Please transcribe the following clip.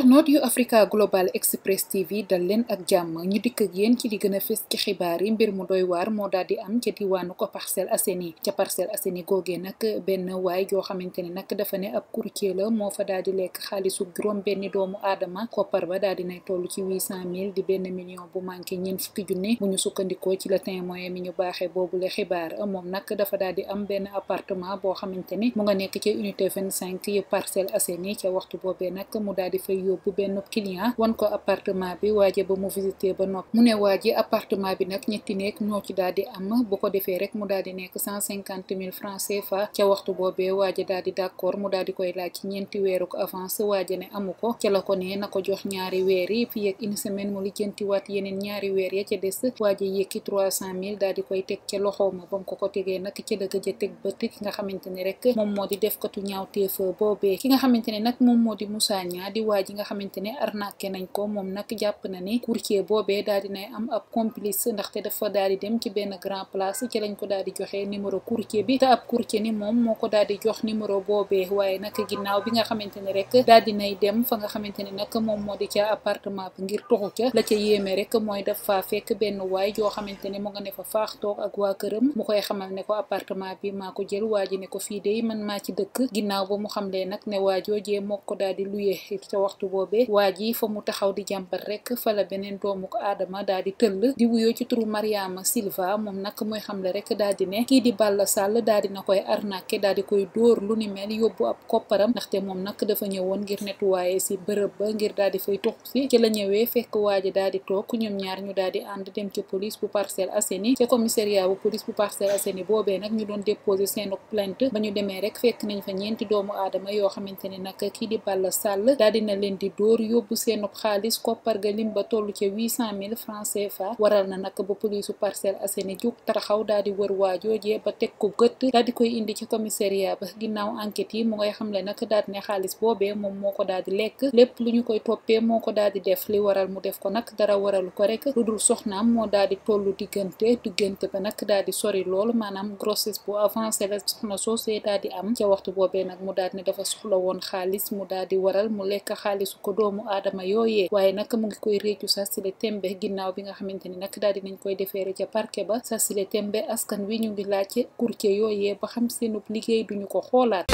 internet yu africa global express tv dal len ak jam ñu dik ak yeen ci li gëna fess ci xibaar yi mbir mu doy war mo daal di am ca diwaanu ko parcel aseni ci parcel aseni goge nak ben way jo xamanteni nak dafa ne ab courtier la mo fa daal di lekk xaalisu juróom benn doomu adama ko par ba daal di nay tollu ci 800000 di ben million bu manqué ñeen fukki junne bu ñu sukkandiko ci la moyen mi ñu baxé bobu le xibaar mom nak dafa daal di am ben appartement bo xamanteni mu nga nekk ci unité 25 ci parcel aseni ci waxtu bobé nak mu daal di fay yóbbu benn client won ko appartement bi waaje ba mu visité ba nopp mu ne waaje appartement bi nag ñetti néeg ñoo ci daal di am bu ko defee rek mu daal di nekk 150 000 francs CFA ca waxtu boobee waaje daal di d'accord mu daal di koy laaj ci ñeenti weeru ko avance waaje ne amu ko ca la ko ne na ko jox ñaari weer yi fii ak une semaine mu lijjanti waat yeneen ñaari weer ya ca des waaje yëkki 300 000 daal di koy teg ca loxoo ma ba mu ko ko tegee nag ca la gëj a teg bët nga xamante ne rek moom moo di def katu ñaawteef boobee ki nga xamante ne nag moom moo di Moussa Nia di waaji nga xamante ne arnaqué nañ ko moom nag jàpp na ni courtier boobee daal dinay am ab complice ndaxte dafa daal di dem ci benn grand place ci lañ ko daal di joxe numéro courtier bi te ab courtier ni moom moo ko daal di jox numéro boobee waaye nag ginnaaw bi nga xamante ne rek daal dinay dem fa xamante ne nag moom moo di ca appartement bi ngir toxu ca la ca yéeme rek mooy dafa fekk benn waay joo xamante ne mu nga ne fa faax toog ak waa këram mu koy xamal ne ko appartement bi maa ko jël waa ji ko fii de man maa ci dëkk ginnaaw ba mu xamlee nag ne waa joojee moo ko daal di luye waxtu boobee waa ji fa mu taxaw di jàmbat rek fa la beneen doomu ko aadama daa di tëll di wuyoo ci turu Mariama Silva moom nag mooy xamle rek daa di ne kii di Balla Sall daa dina koy arnaqué daa di koy dóor lu ni mel yóbbu ab kopparam ndaxte moom nag dafa ñëwoon ngir nettoyer si bërëb ba ngir daa di fay tux si ci la ñëwee fekk waa ji di toog ñoom ñaar ñu daa di ànd dem ci police bu Parcelles Assainies ca commissariat bu police bu Parcelles Assainies boobee nag ñu doon déposé seen plainte ba ñu demee rek yoo xamante ne nag di door yobbu seenub xaalis koppar ga lim ba tollu ci 800000 francs CFA waral na nak ba police parcel Assainies juk taraxaw daal di wër waa joojee ba tek ko gëtt daal di koy indi ci commissariat ba ginnaw enquête yi mo ngay xamle nag daal ne xaalis bobé mom moko ko di lekk lu ñu koy topé moko ko di def li waral mu def ko nak dara waral ko rek lu dul mo moo di tollu digënté digënté ba nak daal di sori lool manam grossesse bu avancé la soxna soosee daal di am ci waxtu bobé nak mu daal ne dafa soxla won xaalis mu daal di waral mu lek xaalis su ko doomu aadama yooyee waaye nag mu ngi koy réccu Sassile Tembe ginnaaw bi nga xamante ni nag daal dinañ koy defeere ca parquet ba Sassile Tembe askan wi ñu ngi laajte courtier yooyee ba xam seenub liggéey duñu ko xoolaat